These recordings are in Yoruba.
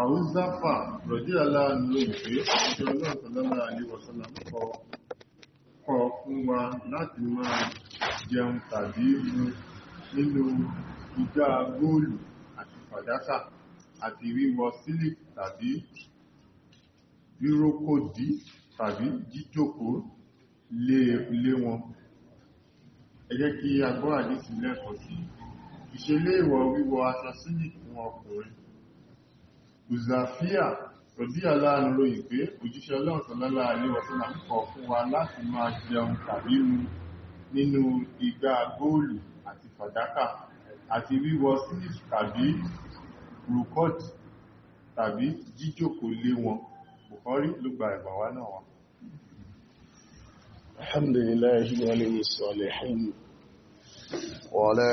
àwúzáfà rọ̀dí aláàlú pé àjọ ọlọ́ọ̀tọ̀lọ́lá àlewọ̀sọ́lá kọ fún wa láti máa jẹun tàbí mu nínú ìdá góòlù àti fàdákà àti wíwọ sílì tàbí rírókòdí tàbí jíjókòó lé wọn ẹ jẹ́ kí agbọ́ àdísì lẹ́kọ̀ọ́ sí ìṣẹ́lé ìwọ̀ wíwọ aṣọ fún ọkùnrin Uzafia rọ̀dí aláàrin ròyìn pé òjíṣẹ́ ọlọ́run sọ̀lọ́lá àríwọ̀sọ́lá ń kọ̀ fún wa láti máa jẹun tàbí mu nínú igbá góòlù àti fàdákà àti wíwọ sílìf tàbí rukot tàbí jíjòkó lé wọn. Bukhari ló gba ẹ̀gbà wá náà wá. Alhamdulillahi waliyu salihin wa la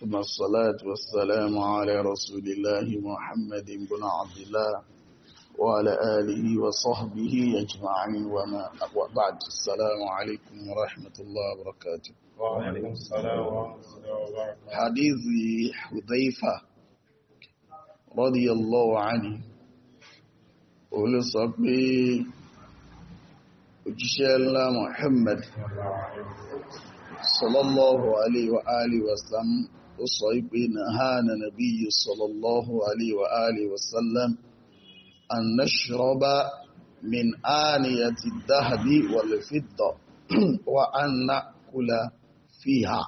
ثم الصلاة والسلام على رسول الله محمد بن عبد الله وعلى آله وصحبه أجمعين وما وبعد السلام عليكم ورحمة الله وبركاته وعليكم السلام ورحمة الله وبركاته حديث حذيفة رضي الله عنه ولصبي òjíṣẹ́ ńlá محمد صلى الله عليه وآله وسلم الصعيب بن نبي صلى الله عليه وآله وسلم أن نشرب من آنية الذهب والفضة وأن نأكل فيها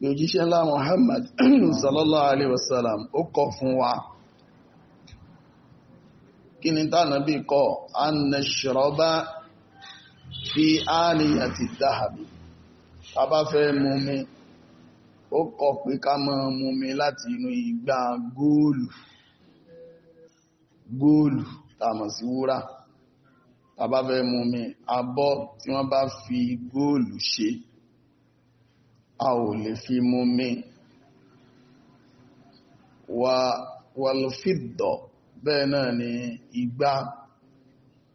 يجيش الله محمد صلى الله عليه وسلم أقفوا كن انت نبي قو أن نشرب في آنية الذهب أبا فهمومي ó kọ̀ pé ká máa mú mi láti inú igbá góòlù góòlù tàmọ̀ sí wúrà tàbá fẹ́ mú mi abọ́ tí wọ́n bá fi góòlù ṣe a ò lè fi mú mi wà wàlúfìdọ̀ bẹ́ẹ̀ náà ni igbá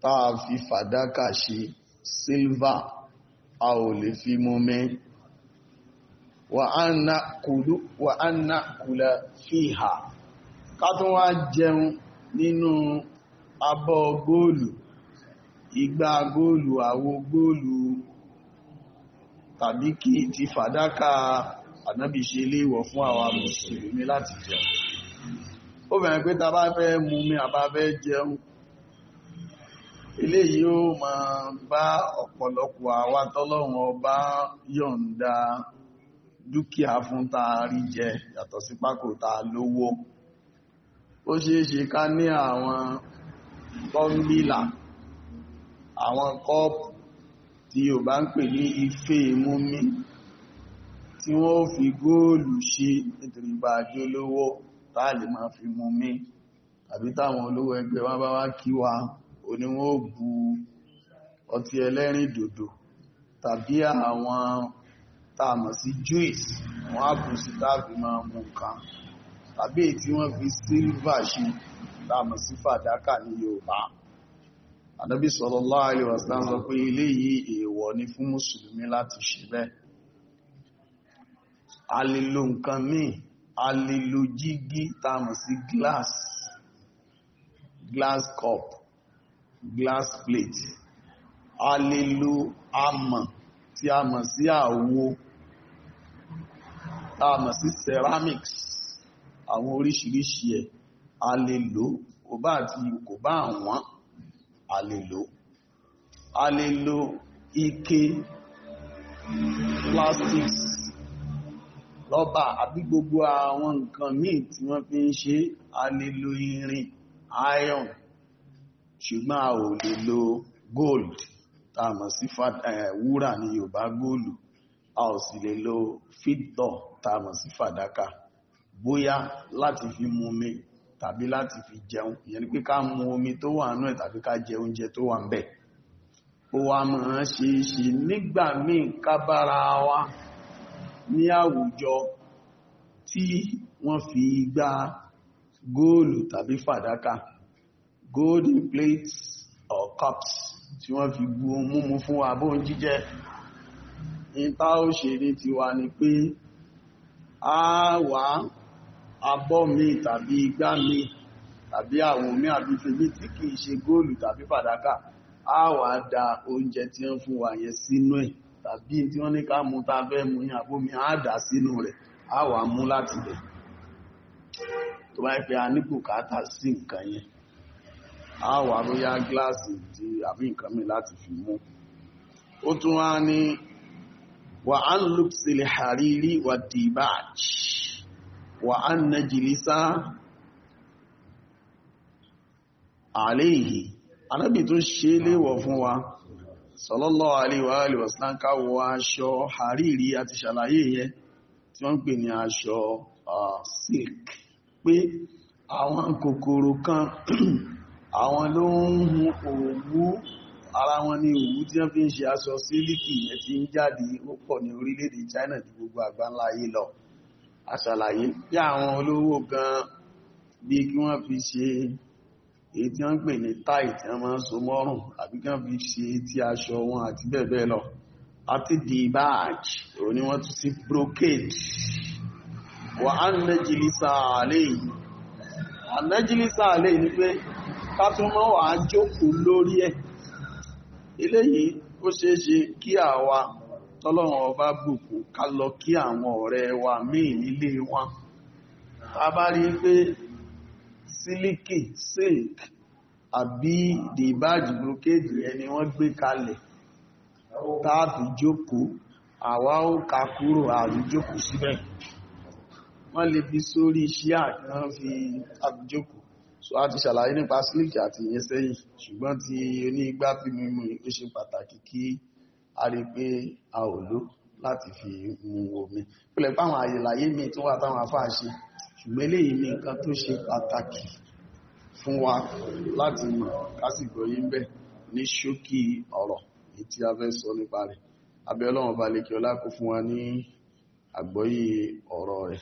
tá a fi fàdákà ṣe sílvà a ò lè fi mú mi wa anna kula fiha ká tún wá jẹun nínú abọ́ góòlù igbá góòlù àwo góòlù tàbí kí ti fàdákà ànábì ṣe léèwọ̀ fún àwa mùsùlùmí láti jẹun ó bẹ̀rẹ̀ pé ta bá fẹ́ mú mi jẹun eléyìí ó máa bá ọ̀pọ̀lọpọ̀ àwa tọ́lọ́run ọba yọ̀ǹda dúkìá fún taari jẹ yàtọ̀ sí pákó ta lówó ó ṣeéṣe ká ní àwọn bọ́ńbílà àwọn kọ́ọ̀pù tí yóò bá ń pè ní ife múmi tí wọ́n fi góòlù ṣe nítorí bá jí olówó táà lè máa fi múmi tàbí táwọn olówó ẹgbẹ́ wá bá wá kí wa oníwọ́n bu ọtí ẹlẹ́rìn dòdò tàbí àwọn tààmà sí juice wọ́n á bù sí tààbí máa mú nǹkan tàbí tí wọ́n fi sílvà ṣe tààmà sí fàdákà ní Yorùbá Ànábì sallallahu alaihi wasallam sọ pé ilé yìí èèwọ̀ ni fún mùsùlùmí láti ṣe bẹ́ẹ̀ a lè lo nǹkan míì a lè lo jígí tààmà sí glass glass cup glass plate a lè lo amọ̀ tí a mọ̀ sí àwo a mọ̀ sí ceramics àwọn oríṣiríṣi ẹ̀ a lè lò kò bá àti kò bá àwọn a lè lò a lè lò ike plastics lọ́bà àbí gbogbo àwọn nǹkan míì tí wọ́n fi ń ṣe a lè lò irin iron ṣùgbọ́n a ò lè lò gold tààmà sí wúrà ní Yorùbá góòlù a ò sì lè lo fídọ̀ tààmà sí fàdákà bóyá láti fi mu omi tàbí láti fi jẹun ìyẹn ni pé ká mu omi tó wà nú ẹ̀ tàbí ká jẹ oúnjẹ tó wà ń bẹ̀ ó wá máa ṣe é ṣe nígbà míì ká bára wa ní àwùjọ tí wọ́n fi gbá góòlù tàbí fàdákà golden plates or cups tí wọ́n fi gbú ohun múmu fún wa bóun jíjẹ ìta ó ṣe ní tiwa ni pé a wá abọ́ mi tàbí igbá mi tàbí àwọn omi àdúfẹ́lé tí kìí ṣe góòlù tàbí fàdákà a wá da oúnjẹ tí wọ́n fún wa yẹn sínú ẹ̀ tàbí tí wọ́n ní ká mú ta fẹ́ mú ní àbómi a dà sínú rẹ̀ a wá mú láti bẹ̀ tó bá yẹ a ní bùkátà sí nǹkan yẹn á wà lóyá gíláàsì tí àbí nǹkan mi láti fi mú ó tún wá ní wà á ń lùpsìlẹ̀ àrírí wà dìbàj wà á ń najìlísá àléhì anábì tó ṣe léwọ̀ fún wa sallallahu alaihi wa alihi wasallam ká wọ aṣọ àrírí àti ṣàlàyé yẹn tí wọ́n ń pè ní aṣọ ah, silk pé àwọn kòkòrò kan àwọn ló ń hun òwú ara wọn ni òwú tí wọ́n fi ń ṣe aṣọ sílíkì yẹn ti ń jáde ó pọ̀ ní orílẹ̀-èdè China ju gbogbo àgbáńlá ayé lọ aṣàlàyé bí àwọn olówó gan bí kí wọ́n fi ṣe èyí tí wọ́n ń pè ní táì tí wọ́n máa ń so mọ́rùn àbí kí wọ́n fi ṣe ti aṣọ wọn àti bẹ́ẹ̀ bẹ́ẹ̀ lọ àti di báàjì òní wọ́n tún sí brocade wà á nẹ́jìlísà àlè yìí ànẹ́jìlísà àlè yìí ni pé ká tún mọ́ wà á jókòó lórí ẹ̀ eléyìí ó ṣeé ṣe kí àwa tọ́lọ́run ọba gbogbo ká lọ kí àwọn ọ̀rẹ́ wa míì nílé wọn a bá rí pé sílíkì silk àbí dìbájì brocade ẹni wọ́n gbé kalẹ̀ táàbì jókòó àwa ó ka kúrò àrùjókòó síbẹ̀ wọ́n lè fi sórí iṣẹ́ àti fi àrùjókòó so a ti ṣàlàyé nípa slick àti ìyẹn sẹ́yìn ṣùgbọ́n ti oní igbá tí mímu ó ṣe pàtàkì kí a rí pé a ò lò láti fi mu omi pẹ̀lẹ́ páwọn àyèláyé mi tó wà táwọn afáà ṣe ṣùgbọ́n eléyìí ni nǹkan tó ṣe pàtàkì fún wa láti mọ̀ kásìkò yí ń bẹ̀ ní ṣókí ọ̀rọ̀ tí a fẹ́ sọ nípa rẹ̀ abẹ́ ọlọ́run balẹ̀ kí ọlá kó fún wa ní àgbọ́yé ọ̀rọ̀ rẹ̀